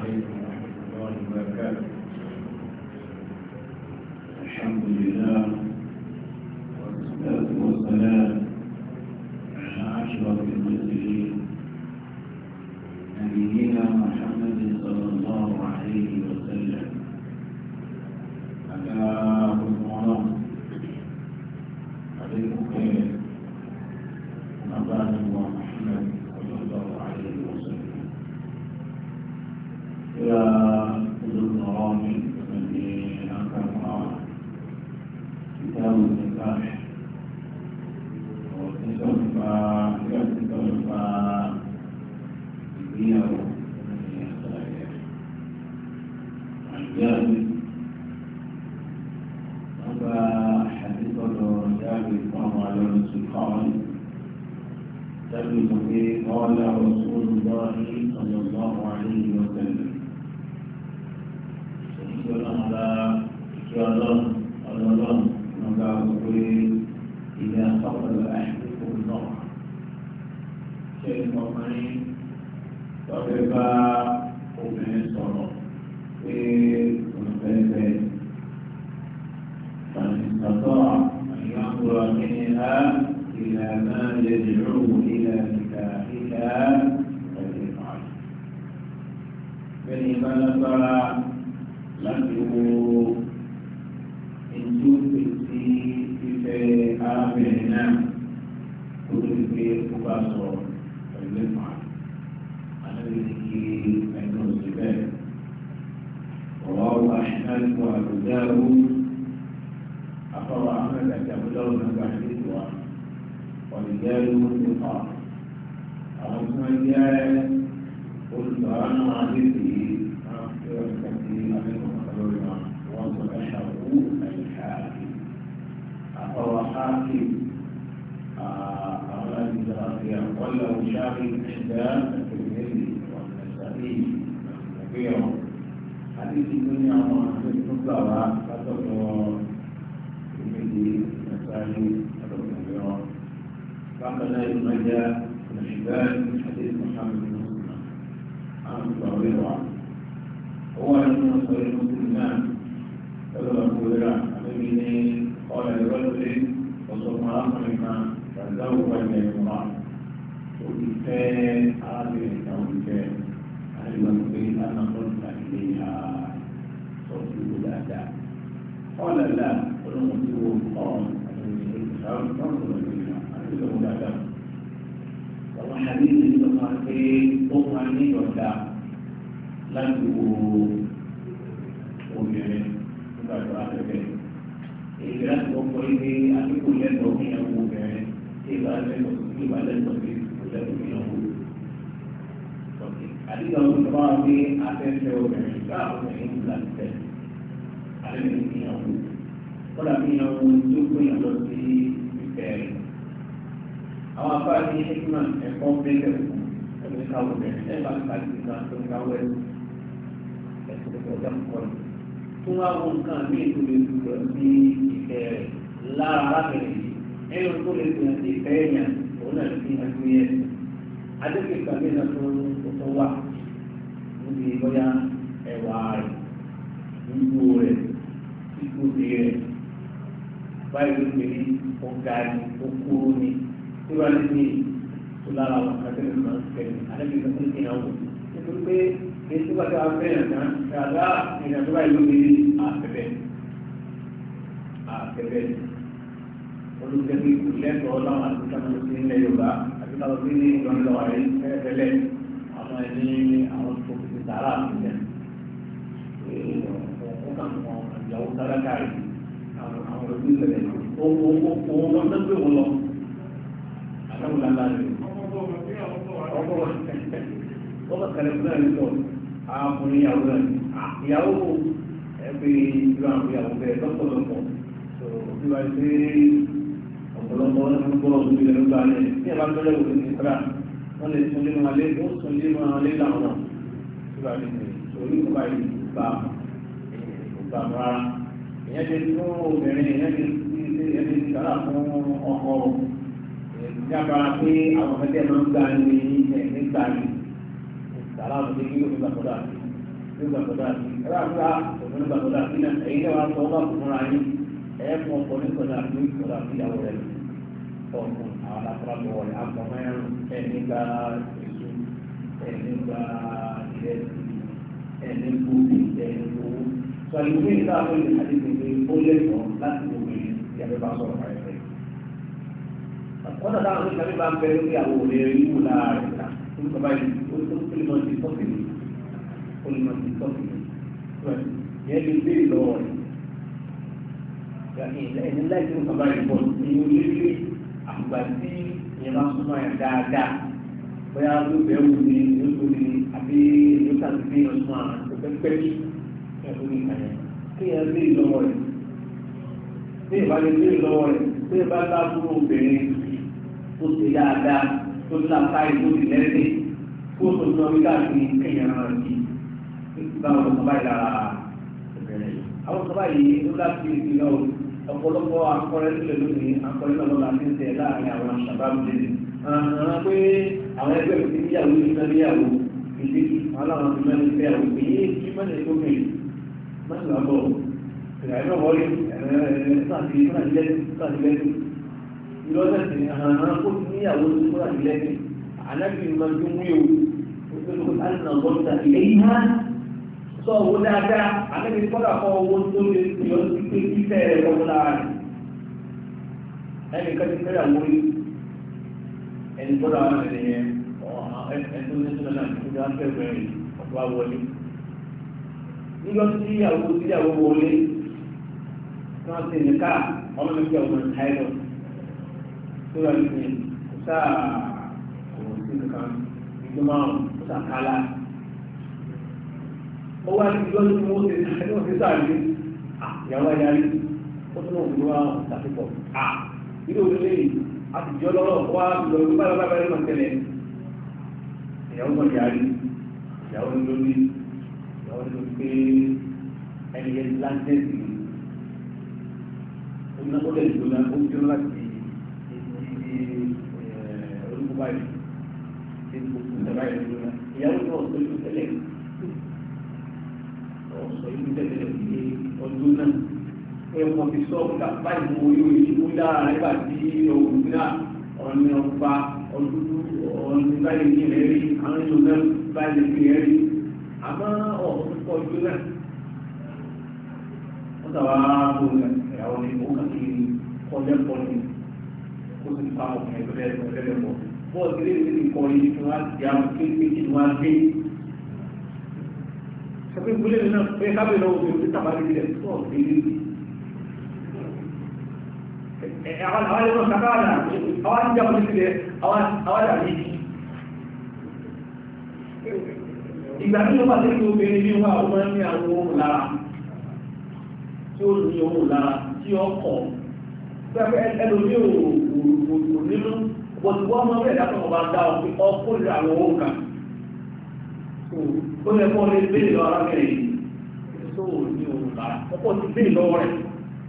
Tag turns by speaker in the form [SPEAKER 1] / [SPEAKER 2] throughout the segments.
[SPEAKER 1] عليكم ورحمة الله وبركاته الحمد لله ìyàwó àjọyọ̀ ọba àdìsọ́dọ̀ ìyáàwó ìfọ̀mọ́ àlọ́rùsù kan dábìlì pé ọ̀la ọ̀sùn olùdọ́rin ọ̀yọ̀gbọ́n àwọn àlejò ọ̀sẹ̀ lọ. tẹ́lẹ̀ ní balagbara láti wo ètò ìpèsè ìfẹ́ arábìnrin náà tó lè gbé kó bá sọ pẹ̀lú ìfà àtàlẹ́ kí ẹ̀dùn síbẹ̀. Ọ̀wáwọ̀ àṣìkáàkó àbúdáwó afọwọ́ àfẹ́rẹ́ àti àbúdáwó náà gbà sí ìwà ọ̀dìdáwó nípa àwọn tí wọ́n jẹ́ olùsọ̀rọ̀ náà wà الحاكم قال الزهرية وله شاهد عند الترمذي في كثيرا حديث الدنيا وحديث الصلاة فتره الترمذي والنسائي فتره كثيرا بعدنا ابن ماجه بن حبان من حديث محمد بن مسلم عن الضريرة هو أن صحيح مسلم بلغ أبو هريرة عن قال لرجل اللهم أخرجنا تزوج المرأة وإنسان عادل كونسان أهل المسجد أنا قلت إليها صوتي الأداء قال لا ونقول قال Hadis ini berarti bukan ini berdak lagu obìnrin nígbà tó a lè bẹ̀rẹ̀. èyí láti kọ́kọ́ ilé àdínkù lẹ́tọ̀ọ́ fún ìyàwó obìnrin tí ìbá lẹ́tọ̀ọ́ sí ìbá lẹ́tọ̀ọ́ sí kò lẹ́tọ̀ọ́ fún ìyàwó. àdínkù àwọn tó bá wà pé afẹ́fẹ́ obìnrin bá obìnrin ń láti tẹ̀ àlẹ́mìí ìyàwó kọ́dà fún ìyàwó tó gbé ìyàwó sí ìfẹ́ rẹ̀. àwọn afá ní hekima ẹ̀kọ́ bẹ́ẹ̀ ẹ̀kọ́ káwọ́ bẹ̀rẹ̀ ẹ̀ tó wá wọn nǹkan mí tó lè dùn lọ sí ìfẹ́ rẹ̀ lára arábìnrin yìí ẹ̀rọ tó lè dùn sí ìfẹ́ yẹn òun náà fi ẹgbẹ́ yẹn adékè ìgbàgbé náà tó tó wà níbi bóyá ẹwà rẹ̀ gbogbo rẹ̀ kíkó rẹ̀ báyìí ló pè ní ọ̀gá ni okòó ni tí wọ́n á ní ní tó lára àwọn akẹ́kọ̀ọ́ náà ń fẹ́ adékè ìgbàgbé náà wò nítorí pé èsì bá ti wá fẹ́ràn náà dàda ìrìn àjọba ìlú mi ní àfẹ́fẹ́ àfẹ́fẹ́ olùdẹ́bí kò lẹ́tọ̀ọ́ láwọn àti sáwọn ti ń lẹ yorùbá àti sáwọn ti ní ìdánilọ́wọ́ rẹ̀ fẹ́ẹ́fẹ́lẹ́ àwọn ẹni àwọn tó ti sàrà àfẹ́fẹ́ ọ̀hún kan mọ ìyàwó sára káàrí àwọn àwọn ojú ìṣẹ̀lẹ̀ òun lọ sẹ́gbẹ̀ òun lọ àtàwọn làlá rẹ̀
[SPEAKER 2] ọkọ̀ ọkọ̀
[SPEAKER 1] kẹlẹ̀ fúnra rẹ̀ sọ̀rọ̀ arákùnrin ìyàwó náà ni ìyàwó ẹgbẹ́ ìlú àwọn ìyàwó bẹ́ẹ̀ lọ́pọ̀lọpọ̀ tó bí wàá ṣe ọ̀pọ̀lọpọ̀ ọdún bọ́ ọdún ilẹ̀ ló gbà lẹ̀ ní ẹ̀bá tó lẹ́wọ̀ ní ìtura wọ́n lè sun lé máa lé ó sun lé máa lé làwọn tí wàá lè ṣe torí ìgbà yìí gbà gbà rárá ìyẹn ti fún obìnrin ìyẹn ti ìyẹn ti sára fún ọkọ ìyẹn ti dábàá pé àwọn ọmọdé máa ń gbà ní ẹ̀ẹ́dẹ́gbàá yìí sàrà àwọn ọmọdé yóò nígbà tó dáa nígbà tó dáa ẹ̀rọ àgbà òun nígbà tó dáa sílẹ̀ èyí náà wà sọ wà fúnra yín ẹ̀ fún ọkọ nígbà tó dáa ní ìgbà tó dáa síyàwó rẹ̀ ọ̀hún àwọn afárá tó wọlé àpọ̀ mẹ́rin ẹ̀ nígbà èso ẹ̀ nígbà ilẹ̀ ẹ̀ nígbà òbí ẹ̀ nígbà bá ń bẹ lórí àwọn òbí rẹ̀ yíwò orúkọ báyìí ó lè máa ti tọ́sí mi ó lè máa ti tọ́sí mi yẹn lè béèrè lọ́wọ́ rẹ̀ ẹni láì tó nǹkan báyìí bọ̀ ní orílẹ̀-èdè àgbà tí ìyẹn bá súnmọ́ ẹ̀ dáadáa bóyá ló bẹ̀rù ni ló tó ni àbí ló tàbí bí ọ̀sùn àwọn àtẹ̀pẹ́pẹ́ ẹ̀kọ́ ní ìkànnì kí ẹ béèrè lọ́wọ́ rẹ̀ bí ìbá lè béèrè lọ́wọ́ rẹ̀ bí ìbá lábúrò obìnrin tó ṣe dáadáa tó ní àǹkárí tó ti lẹ́sẹ̀ kó tó ní ọdún káàkiri kéèyàn náà rí báwọn ọmọ báyìí lára ìbẹ̀rẹ̀ àwọn ọmọ báyìí ló láti fi lọ ọ̀pọ̀lọpọ̀ akọrẹ́ sílẹ̀ lónìí akọrẹ́ náà lọ́la ti ń tẹ̀ láàrin àwọn àṣàbámu lẹ́nu àwọn pé àwọn ẹgbẹ́ mi ti níyàwó ìfẹ́ níyàwó ìdí aláwọn ti mẹ́rin fẹ́ àwọn èyí tí mẹ́rin tó mi mẹ́rin àbọ̀ ìrìnàjò wọlé ẹ̀ẹ́dẹ́gbẹ̀rún àti ìfúnàjẹ́lẹ́dún ìlọ́sẹ̀sẹ̀ àwọn kó ti níyàwó tó múra jù lẹ́yìn ànábì máa ń dún wíwò ó tó ló ń bọ́ ta ilé yìí hàn sọ owó dáadáa ànábì kọ́dà fọ owó tó lè yọ sí pé títẹ̀ rẹ̀ kọ́kọ́ lára rẹ̀ ẹnì kan ti fẹ́rẹ̀ àwọn orí ẹni kọ́dà wà lẹ́yìn yẹn ẹni tó ní sọ́dọ̀ náà kó dá fẹ́ẹ̀fẹ́ rẹ̀ ọ̀pọ̀ àwọlé nígbà tí ìyàwó tí ìyàwó wọlé wọ́n ti nìka ọmọ mi fi ọmọ ìtàyẹ̀dọ̀ tó yà lóṣèlú sáà kò sí nǹkan ìjọ márùn-ún ó sàkálà ó wá ní ìjọ tí wọ́n ti ní òfin sáàlì àyàwó ayárí ó tún òfin wá sàfipọ̀ à nínú òfin lẹ́yìn àtijọ́ lọ́wọ́ wá lọ ní báyọ̀ bá bẹ̀rẹ̀ náà tẹ́lẹ̀ ìyàwó náà yárí ìyàwó ní lórí ìyàwó ní lórí pé ẹni yẹn láńtẹ́sì ó ní ó lè ó ń jóná láti báyìí facebook tẹ báyìí lónìí náà ìyàwó náà sọ ìlú tẹ́lẹ̀ sọ ìlú tẹ́lẹ̀ ní ọdún náà ẹ̀wọ̀n ti sọ ọ̀gá báyìí mo yóò yí kú dára nígbà tí òun náà ọ̀nì ọ̀gbà ọdúdú ọ̀nì báyìí ní rẹ̀ rí àwọn èèyàn náà báyìí ní rẹ̀ rí àmọ́ ọ̀pọ̀ ọdún náà wọ́n tàwa tó ìyàwó ní òun kàkiri kọjá pọ̀ ní bọ́ọ̀lù kí lè ní nǹkan yìí tí wọ́n ti àwọn tí wọ́n ti wọ́n gbé. sọ́kè gbúlẹ̀ náà pé kábẹ̀ lọ́wọ́ tó ti tàbá lè rẹ̀ tó ọ̀gbẹ́ lé ní. àwọn àwọn ẹ̀rọ sàkáwà náà àwọn àti ìjàmbá ti tilẹ̀ àwọn àdàbí. ìgbà tí wọ́n bá tẹ́lẹ̀ obìnrin ní wà ó máa ń ní àwọn ohun lára tí ó ní ohun lára tí bọ̀dù ọmọ máa bẹ̀rẹ̀ ọba da ọ pé ọkọ̀ ìlú àwọn owó kan ó yẹ kó lè béèrè lọ arákùnrin yìí tó o ní òun bá ọkọ̀ ti béèrè lọ́wọ́ rẹ̀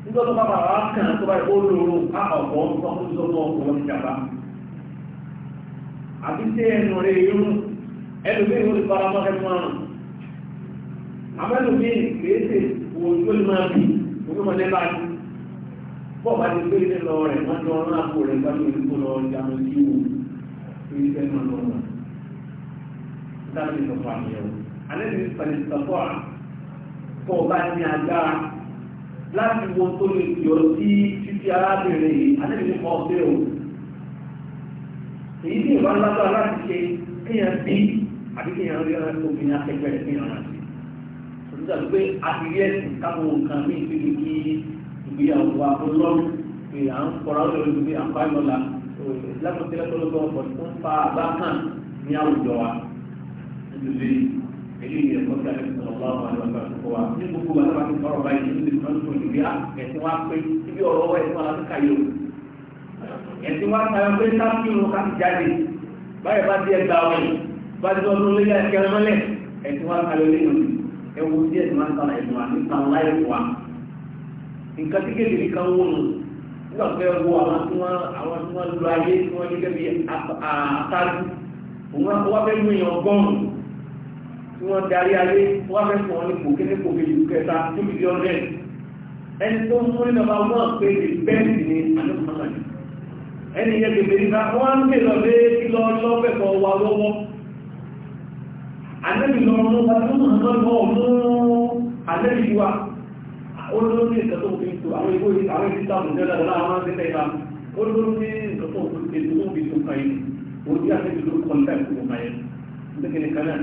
[SPEAKER 1] nígbà tó bá bàbá kàn tó bá ó lóró á ọ̀pọ̀ ọkọ̀ tó tó ọkọ̀ ti àti tí ẹnu bọ́ọ̀bá ti gbé ilé lọ rẹ̀ wọ́n lọ rán àpò rẹ̀ gbájú ìdúgbò lọ jáwé sí wò fún iṣẹ́ náà lọ́wọ́ dábì sọ̀tọ̀ àmìyẹ̀wò alẹ́ ní pẹ̀lú sọ̀tọ̀ à tó o bá ní agbára láti wo tó lè fi ọ sí títí arábìnrin yìí alẹ́ ní kọ́ ọ́ bẹ́ẹ̀ o èyí ní ìwà lágbára láti ṣe kéèyàn bí àbí kéèyàn rí ọ̀rẹ́ obìnrin akẹgbẹ́ rẹ̀ kéèyàn rántí. òtútù ìgbéyàwó wa ó lọ́rùn pé à ń kọ́ra lórí ibi àpáyọ̀lá lápòtẹ́lẹ́ tó lọ́gbọ́n ọ̀pọ̀ tó ń fa àbá hàn ní àwùjọ wa nítorí eléyìí ẹ̀kọ́ tí a ti sọ̀rọ̀ bá wà lọ́wọ́ àkókò wa ní gbogbo wa lábàá ti sọ̀rọ̀ báyìí ní ìlú kan tó ìgbé ẹ̀sìn wa pé ibi ọ̀rọ̀ wa ẹ̀sìn wa láti ka yòó ẹ̀sìn wa ta pé sáfì irun ká ti jáde báyìí bá díẹ̀ gba ọ̀rẹ́ bá ti sọ̀rọ̀ lórí ẹ̀kẹ́ ọmọlẹ̀ ẹ̀sìn wa ta lórí ẹ̀wù díẹ̀ ti máa ẹ̀sìn wa nípa láì nǹkan tí kéde nìkan wò nù nígbà pé wo àwọn tí wọ́n àwọn tí wọ́n lu ayé tí wọ́n gẹ́gẹ́ bí àtàlù òun wá fẹ́ mú èèyàn gọ́ọ̀nù tí wọ́n darí ayé wọ́n fẹ́ fún wọn ní kò kéde kò kéde kẹta tó fi di ọ̀rẹ́ ẹni tó ń mú nínú àwọn náà pé lè bẹ́ẹ̀sì ni àdókòmọ́lá ẹni yẹn gbèbè nípa wọ́n ń gbè lọ lé lọ lọ́pẹ̀kọ̀ wa lọ́wọ́ àdébìlọ́run wa tó mọ̀ lọ́wọ́ mú àdébìlọ́run olórí nǹkan tó fi tó àwọn ìwé ìta àwọn ìta òjò dáadáa láwọn máa ń tẹ́tẹ́ ìlà olórí nǹkan tó fi tó ètò tó fi tó kan yìí wò ó yàtọ̀ ìlú kọ́ńtà ìkókò kan yẹn nígbàgbé kan náà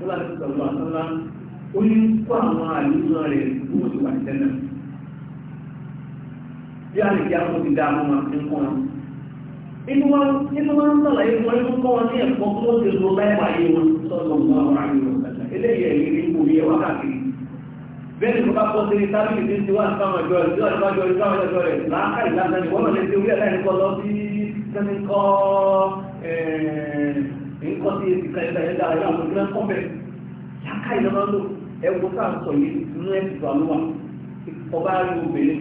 [SPEAKER 1] ó láti sọ̀rọ̀ àtọ́lá ó ní kó àwọn àlùmọ́ rẹ̀ kó o ti wà ní tẹ́lẹ̀ bí a lè jẹ́ àwọn ti dá àwọn máa ń kọ́ wọn. inú wa inú wa ń sàlàyé wọn inú kọ́ wọn ní ẹ̀kọ́ kó o ti lo láìpàá yìí wọn sọ̀rọ̀ bẹ́ẹ̀ni tó bá kọ́ sí sábìlì tí ń ti wá nǹkan ọjọ́ ìjọ ìwájú ọjọ́ ọjọ́ rẹ̀ láàkà ìlànà ni wọ́n lè ti orí ẹ̀dá nìkan lọ sí sẹ́mi kọ́ nǹkan sí èsì kan ẹ̀dá ẹ̀dá ẹ̀dá àwọn ìgbìmọ̀ kọ́ bẹ̀. láàkà ìlànà lò ẹ̀wọ́ tá à ń sọ yìí inú ẹ̀ ti wà lówà ọba rí obìnrin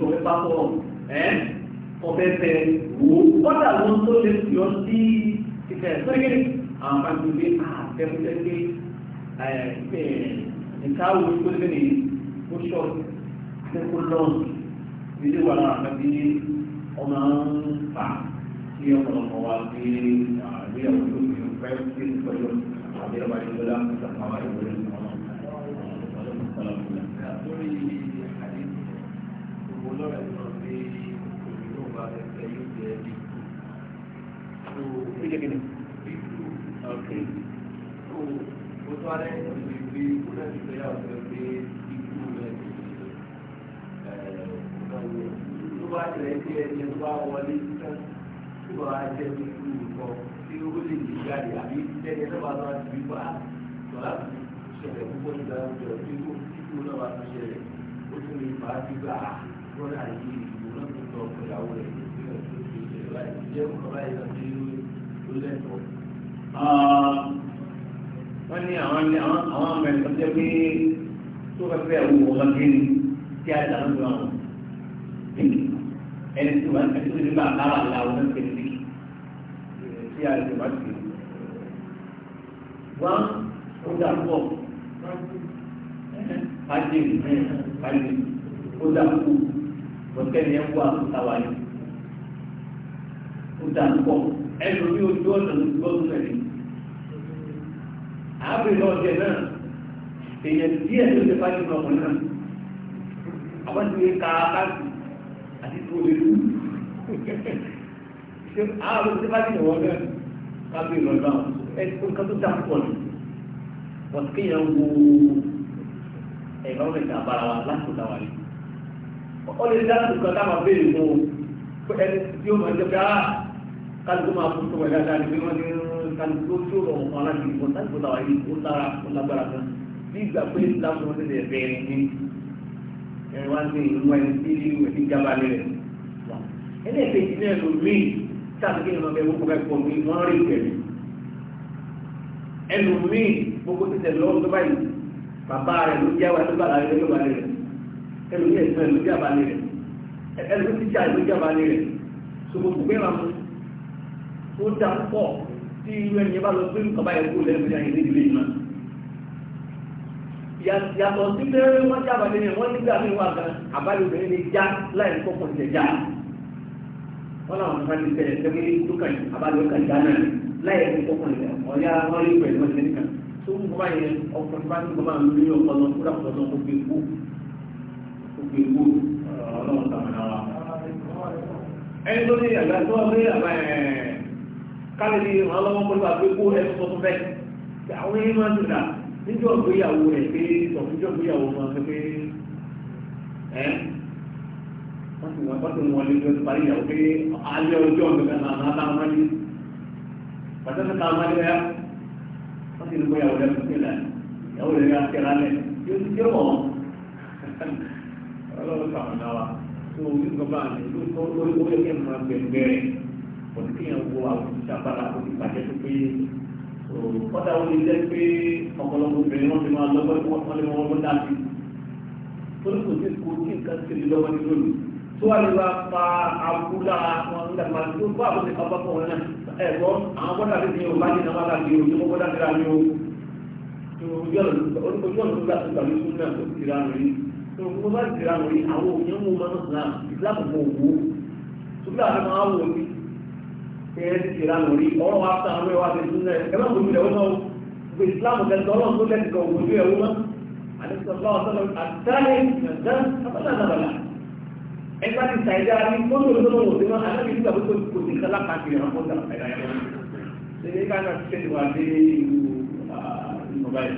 [SPEAKER 1] tó fẹ́ ó ṣọ pé kó lọ́ọ̀nù ilé wa náà fẹ́ bí ọmọ ń fà kí ọ̀pọ̀lọpọ̀ wa gbé àgbé ọ̀pọ̀ tó fi fẹ́ kí n pẹ̀lú àgbé ọba ìgbọ́lá àtàwọn ìwé ọmọ lórí àdé gbogbo lọ́rẹ̀ sọ pé òmìnira ọba ẹgbẹ́ yóò jẹ ẹbí tó bíbù ọ̀kẹ́ tó tó alẹ́ ìgbìmọ̀ ìgbé kó lẹ́sìn pé àwọn ẹgbẹ́ tó bá tẹ̀lé tí ẹni tó bá wọlé tán tó bá jẹ́ pípé nǹkan tí ó lè ní jáde àbí ẹni tó bá máa ti wípé àtọ̀lá tó ṣẹlẹ̀ púpọ̀ nígbà ọjọ́ tí ó kó náà bá tó ṣẹlẹ̀ ó tún lè fà á gbígbà rọ́dà yìí ìlú náà tó tọ̀ ọ̀pọ̀ ìyàwó rẹ̀ nígbà tó ti ṣẹlẹ̀ láì jẹ́ ọ̀pọ̀ báyìí wọ́n ní àwọn mẹ́rin tó jẹ́ pé tó bá fẹ́ àwọn ọmọdé ni tí a dàn lọ àwọn ẹni tó bá ẹni tó ní bá àbá wà láwọn náà tẹ̀lé ní tí a lè bá tẹ̀lé. wọ́n ó dà pọ̀ pàdé pàdé ó dà pọ̀ bọ̀tẹ́ni ẹ̀ wà táwa yìí ó dà pọ̀ ẹnu ní ojú ọ̀nà ló gbọ́dọ̀ rẹ̀ ní. àbẹ̀lẹ̀ ọ̀jẹ̀ náà èèyàn díẹ̀ ló ti fájú lọ ọmọ náà àwọn ti lè ka káàkiri àti tó lè lù ṣe àwọn ló ti fájú lọ ọmọ náà káàkiri lọ náà ẹni tó nǹkan tó dá pọ̀ ní wọ́n ti kéèyàn wo ẹ̀rọ rẹ̀ ní abala wa láti dá wa ní. ó lè dá nǹkan táwọn béèrè mú o ẹni tí ó máa ń pé á ah, kálukú máa fún tó wẹ̀ dáadáa bí wọ́n ti kálukú tó tó lọ́wọ́ fún aláṣẹ ìbọn táyì tó dá wa yìí ó dára bí ìgbà pé láti wọn tẹ̀lé ẹ̀fẹ́ ẹ̀rín ní ẹ̀rín wá sí ìlú ẹni tí ìlú ẹni jábá lé rẹ̀. ẹni ẹ̀fẹ́ ìdílé ẹ̀ ló rí táàbí kí ni wọn bẹ gbogbo ẹ̀ pọ̀ ní wọ́n rí ìgbẹ̀rẹ̀. ẹlòmíì gbogbo títẹ̀ lọ́wọ́ tó báyìí bàbá rẹ̀ ló jẹ́ wa tó bá láyé ló wà lé rẹ̀ ẹlòmíì ẹ̀sìn ẹ̀ ló jábá lé rẹ̀ ẹlòmíì tíjà ló jábá lé rẹ̀ sọgbọ̀gbọ̀ gbé ra mú tó dá pọ̀ tí irú ẹni bá lọ gbé nǹkan báyìí kú lẹ́nu yàtọ̀ sí pé wọ́n jábà ní ẹ̀ wọ́n nígbà mí wà gan àbáyé obìnrin ní já láì ní kọ́kọ́ ní já wọ́n làwọn kan ti bẹ̀rẹ̀ pé tó kàn àbáyé ọkàn já náà láì ní kọ́kọ́ ní ọ̀yá wọ́n rí pẹ̀lú ọ̀sẹ̀ nìkan tó ń bá yẹn ọkùnrin bá ní bàbá mi ní ọkọ lọ kúrò àpò lọ gbogbo ewu gbogbo ewu ọlọ́run tàmínà wa. ẹni tó ní àgbà tó wà pé àbá ẹ̀ káàkiri ìrànlọ́wọ́ pẹ̀lú níjọ́ ìgbéyàwó rẹ̀ pé sọ̀fúnjọ́ ìgbéyàwó máa ń pé ẹ́ wọ́n ti wọ́n ti wọ́n lé ní parí ìyàwó pé alẹ́ ọjọ́ ìgbéga náà máa bá wọn lé pàtàkì ká wọn lé ya wọ́n ti ní ìgbéyàwó rẹ̀ fún sílẹ̀ ìyàwó rẹ̀ yà kẹ́ra lẹ̀ yóò ti kí wọ́n ọlọ́run kàwọn wa tó o ní gbọ́dọ̀ àná ló kọ́ lórí owó ẹ̀kẹ́ máa gbẹ̀gbẹ̀rẹ̀ pọ̀ kọ́tà ó lè jẹ́ pé ọ̀pọ̀lọpọ̀ obìnrin wọn ti máa lọ́gbọ́n tí wọ́n lè wọ́n lọ́gbọ́n dàbí torí kò sí kò sí nǹkan tí èmi lọ́wọ́ ní lónìí tó wà lè wá pa abúlá wọn nígbà tí wọ́n tó bá àwọn ti pàpà pọ̀ wọn náà ẹ̀gbọ́n àwọn bọ́dà lè ní ọba ní nàbàdà ní ojú wọn bọ́dà níra ní ojú ọ̀nà tó gbà tó gbà lóṣù náà tó ti ra rí tó kó bá ti ra rí àwọn òyìnbó mọ́nà náà ìlànà òwò tó bí àwọn máa wọ̀ ní ẹ̀ẹ́dì ìlànà orí ọ̀rọ̀ wa sáà lórí wa ti tún lẹ̀ ẹ̀mọ́ gbogbo ìlẹ̀ ọmọ gbogbo ìsìláàmù tẹ̀sán ọlọ́run tó lẹ́sìn kan ògbójú ẹ̀wọ́ mọ́ àdìsọ́lá ọ̀sọ́lọ́ àtàlẹ́ ìgbàdá sábàlá nàbàlá ẹgbẹ́ ti sàìdá rí fóònù olóòtú òsì náà alábi nígbà tó kò sí kálá pàtì ẹ̀rọ ká náà ṣe wà dé ìlú ìmọ̀bá yìí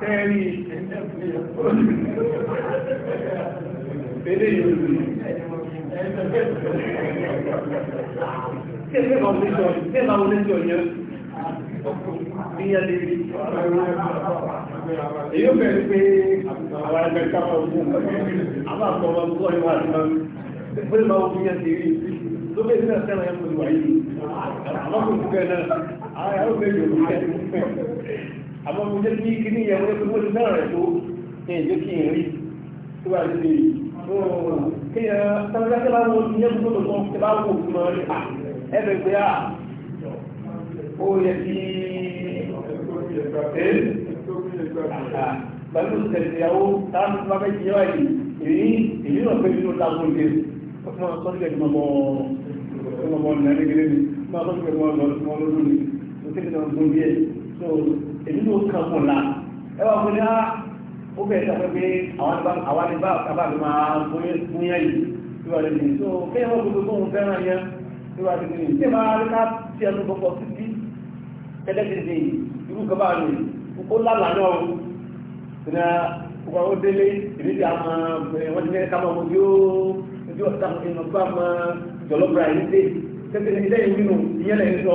[SPEAKER 2] Tẹ́rí Tẹ́lẹ̀ yóò rí Tẹ́lẹ̀ máa wọlé jọ yẹn. Tẹ́lẹ̀ máa wọlé jọ yẹn. Ìyẹn lè rí. Èyí ó bẹ̀rẹ̀ pé àwọn ẹgbẹ́ káwọn ọdún. Àwọn
[SPEAKER 1] àpọ̀ ọmọ ọdún wọ́n wà nínú. àmọ́ mi jẹ́ kí kíní yẹn wọlé pé wọ́n ti náà rẹ̀ tó ní ìjẹ́ kí n rí tó bá ti lè kéèyàn sábẹ́sá tí wọ́n ti yẹ kó tó tó tí wọ́n kó fún ọ ní à ẹ bẹ̀
[SPEAKER 2] pé à ó yẹ kí ẹ pẹ̀lú tẹ̀síyàwó táwọn tó bá fẹ́ jẹ́ wáyé èyí
[SPEAKER 1] èyí náà pé nínú táwọn ìgbé ọmọ sọ́jọ́ ìgbìmọ̀ ọmọ ọmọ nàìjíríà ní máa sọ́jọ́ ìgbìmọ̀ ọmọ ọlọ́dún ní òkè nínú ọdún díẹ̀ èmi ló kàn fún la ẹ wá fún ní á ah, ó bẹ̀rẹ̀ sọ pé àwọn ní bá kábà ló máa fún yẹn yìí tí wàá lè ní so kéèyàn wọ́n gbogbo fóun fẹ́ràn yẹn tí wàá lè ní tí máa rí ká tí ẹnu gbọ́pọ̀ títí tẹ́lẹ̀tẹ̀lẹ̀ irú kaba rẹ̀ ó lálàá náà ó ìnà ọkọ̀ ó délé ìrírí àwọn wọ́n ti ní ká máa mojú ojú ọ̀tá ìnàgbà máa jọ̀lọ́bùrà yìí dé tẹ́tẹ́ ilé ìwé nù ìyẹn lẹ́yìn sọ.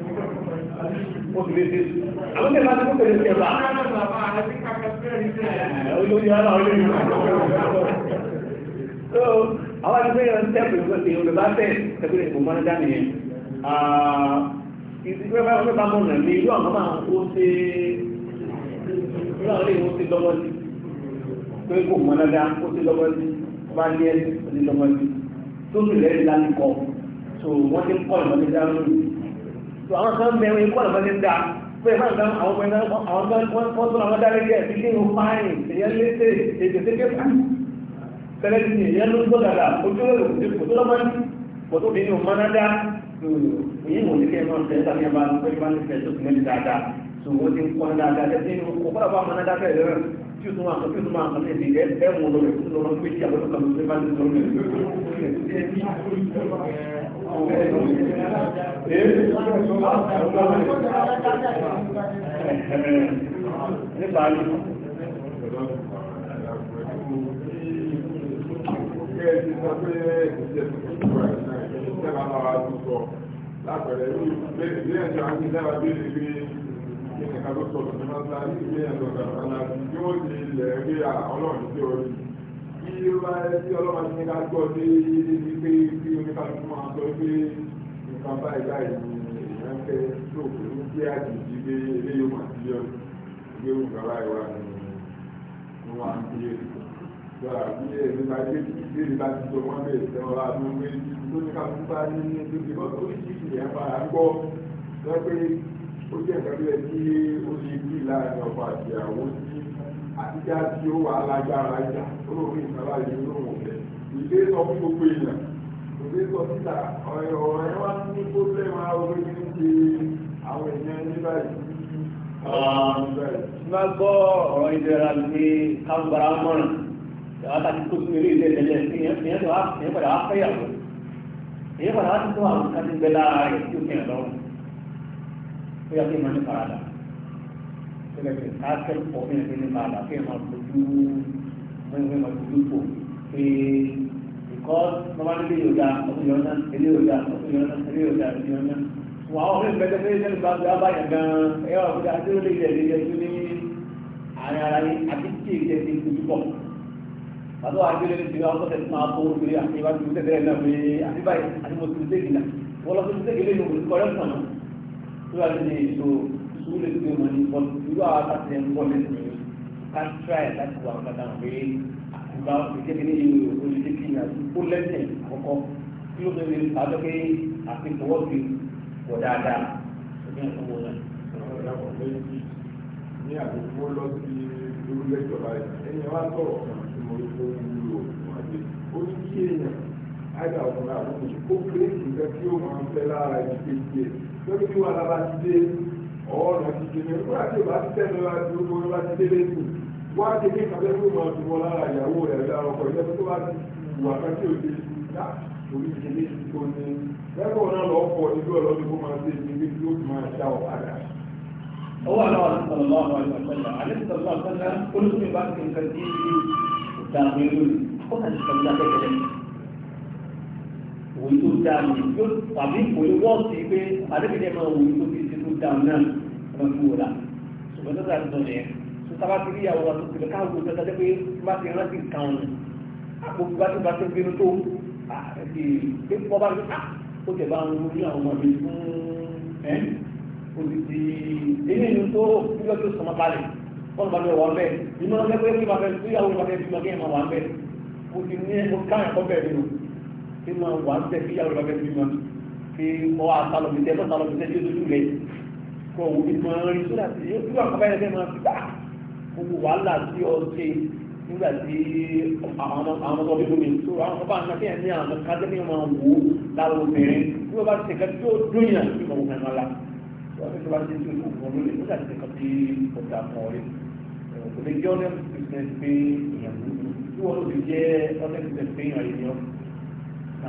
[SPEAKER 1] oṣù lè ṣe àwọn tẹ̀lá tí ó tẹ̀lé ṣe bá
[SPEAKER 2] olóyè ara olóyè
[SPEAKER 1] so àwọn àgbẹ̀ yẹn tẹ́pù ìgbésẹ̀ olùbá tẹ̀ tẹ́pù ìgbésẹ̀ mọ́ ní dání yẹn ìgbésẹ̀ bá wọ́n bá mọ̀ nà ní irú àwọn máa kó ṣe irú àwọn ilé ìwọ́n ti lọ́wọ́ sí pé kò mọ́ dáadáa ó ti lọ́wọ́ sí bá ní ẹ̀ ó ti lọ́wọ́ sí tó sì lẹ́yìn lálẹ́ kọ́ so wọ́n ti kọ́ ìmọ̀lẹ́dá lónìí tó àwọn kan bẹ wọn ikú àwọn kan ti da pé máa kan àwọn kan àwọn kan wọ́n tó àwọn dáre jẹ́ ìdílé wọn fáyìn èyàn léṣe èdè sékè fún tẹ́lẹ̀ ti ní èyàn ló ń gbọ́dàdà ojú ẹ̀rọ kò tó lọ́mọdé kò tó bí ní òun máa dá èyí wò ní kí ẹ máa fẹ́ sàmì ẹ̀bá pé bá ní fẹ́ tó fi mẹ́lì dáadáa tó wọ́n ti ń kọ́ dáadáa tẹ́lẹ̀ nínú kò fọ́nà tí o tó máa tó máa kàn lè dìde ẹ mú lọ rẹ lọ rẹ pé kí àwọn ọkọ mi bá lè lọ rẹ. nípa ní.
[SPEAKER 2] lápẹ̀rẹ̀ ní ilé ẹ̀jọ̀ àti ìdára bí ìrèké kí ni ká ló sọ̀rọ̀ ní mọ́tà ilé ẹ̀rọ ìgbàlá bí wọ́n ti lẹ̀ rí à ọlọ́run sí orí. bí ó bá tí ọlọ́run ní ká gbọ́ dé ní pé bí oníkálukú máa sọ pé nǹkan báyìí báyìí ni èèyàn fẹ́ tó kò ní kí àjèjì gbé eléyìí mà sí ọ gbé nǹkan báyìí wà ní wọn à ń fi èrè. bí èmi bá dé kí ìbéèrè bá ti jọ wọ́n bẹ̀rẹ̀ sẹ́wọ́n bá ó jẹ́ ìkàbílẹ̀ tí ó lè bí láàrin ọkọ̀ àti àwọn tí àtijọ́ tí ó wà lágbára ìjà olóògbé ìkàlá yìí ló wọ̀ fẹ́ ìdè sọ fún gbogbo èèyàn ìdè sọ síta ọ̀rọ̀ ẹ̀ wá ní kó lẹ́wọ̀n orí ní ṣe àwọn èèyàn ní báyìí.
[SPEAKER 1] Má gbọ́ ọ̀rọ̀ ìlera ní kágbára mọ́ràn. Ìyá tàbí kó sí eré ilé ìtẹ̀lẹ̀ ìyẹn tó wá ìyẹn padà wá fẹ́yàwó. Ìyẹn padà wá ti tó àwọn kan ti gbẹ lára rẹ̀ tí ó fi hàn lọ́rùn ó yà kí n máa ní farada gẹ́gẹ́ bí akẹ́kọ̀ọ́ mi ní farada kí n máa fojú mẹ́rin máa fojú fò pé ìkọ́ bàbá nílé yóò dá ọdún yóò ná ilé yóò dá ọdún yóò ná ilé yóò dá ọdún yóò ná. wà á wọlé pẹ̀lú pé sẹ́ni bá gba báyà gan-an ẹ wà fún adé olè ilẹ̀ ilẹ̀ tó ní àárín ara yìí àti tí èyí tẹ̀sí ojú pọ̀. bàbá wa adé olè ti wá ọkọ̀ tẹ̀sí máa fọwọ́ torí àti ìwádìí tẹ̀sí rẹ̀ náà pé àti báyìí àti mo ti tẹ̀sí náà wọ́n lọ sí tẹ̀sí lé tó a lè so sùúrù tí o mọ̀ ní bọ́ irú àwọn aláṣẹ ń bọ́ lẹ́sìn yìí ká tíráì láti wà padà pé àkùbá ìkéde ní ìlú olùdíje kí ìyá tó lẹ́sìn àkọ́kọ́ kí ló fẹ́ pàdé pé
[SPEAKER 2] àfihàn ti wọ̀ dáadáa ṣùgbọ́n ẹ̀sán wọn náà. ní àkókò lọ sí lórílẹ̀ ìjọba yìí ẹni wá sọ̀rọ̀ kan tí mo rí fún un lò wọ́n á dé kí èèyàn àìdá ọkùnrin àbúkù kó kérésì nǹkan tí ó máa ń fẹ́ lára ìdíkejì ẹ̀ lórí bí wàhálà bá ti dé ọ̀ọ́nà ti dé ní ọdún àti ìbá ti tẹ̀lé wa ti ó bóyá ti dé lẹ́kùn wá ti ní ìkàlẹ́ ló máa dùn wọn lára ìyàwó rẹ̀ lára ọkọ̀ ilé tó bá ti wà kan tí ò dé dá orí ìdílé ti kó ní lẹ́kọ̀ọ́ náà lọ pọ̀ ìlú ọlọ́dún kó máa dé ìdílé tí ó máa ṣá ọ̀padà
[SPEAKER 1] wòye tó dáa ní yóò tàbí wòye wọ́ọ̀sì pé adébìnrin máa wòye tó fi ṣe tó dáa náà ẹ̀rọ fún wò la ṣùgbọ́n tó dáa tó yẹ tó sábà ti rí ìyàwó wa tó tẹ̀lé káwọn gbogbo ẹ̀ta pé bá ti rántí kan ọ̀nà àkókò bá ti bá ti bínú tó àti pé wọ́n bá ti ó tẹ̀ bá ń wo ní àwọn ọmọ mi fún ẹ́ òtítì eléyìí tó kílọ̀ tó sọmọ balẹ̀ wọ́n bá bẹ wà bẹ́ẹ̀ nínú ọ̀sẹ̀ pé kí máa wà ń tẹ kí yàrá ìbá fẹ́ bí ma kí ọ àtàlọ́mìtẹ́ lọ́tàlọ́mìtẹ́ tí ó dojú rẹ̀ kọ òun ni máa rí sódà tí yóò fi wà kọ́ báyìí lẹ́ẹ̀ máa fi gbà gbogbo wàhálà tí ọ ṣe nígbà tí àwọn ọmọ bíbí mi tó àwọn ọmọ bá ń nàkíyàn ní àwọn kájẹ́ ní ọmọ wò ó lára obìnrin tí wọ́n bá ti tẹ̀ka tí ó dún yàn ní ti tún ọ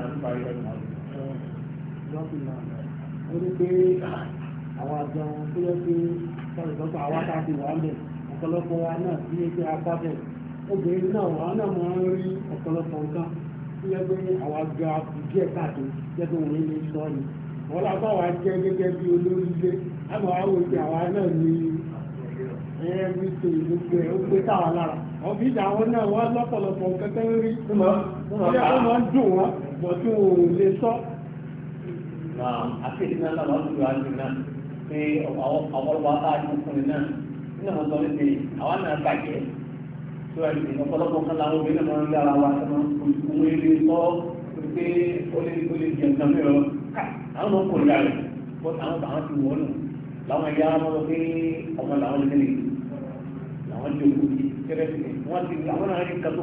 [SPEAKER 1] ní pé àwọn àjọ tó yẹ pé sọ̀rọ̀sọ̀tọ̀ àwọn àtàkùn wà lẹ̀ ọ̀pọ̀lọpọ̀ wa náà sí ẹgbẹ́ apábẹ̀ obìnrin náà wà náà
[SPEAKER 2] ń rí ọ̀pọ̀lọpọ̀ nǹkan yẹ àwọn àjọ káàkiri wa jẹ́ gẹ́gẹ́ bí olórí ilé àmọ́ àwọn àwa náà ní tó ó gbé táwa lára ọ̀bí náà wọ́n lọ́pọ̀lọpọ̀ nǹkan tẹ́ bọ̀dú ò lè sọ
[SPEAKER 1] náà akéde náà làwọn àdúgbò àdúgbò náà pé àwọn ọlọ́wọ́ bá àdúgbò fún mi náà nínú àwọn sọ̀rọ̀ ìpè àwọn náà bàjẹ́ tó ẹ̀sìn ọ̀pọ̀lọpọ̀ kan làwọn obìnrin náà máa ń dára wa tó máa ń kó ìkúwé lè sọ pé ó lè ó lè jẹ nǹkan mìíràn ká àwọn náà kò rí àrẹ bó àwọn àwọn ti wọ́n nù làwọn ẹ̀yà wọn pé ọmọ làwọn lè lè làwọn jòkó kérésìmé wọn ti àwọn náà rí kàtó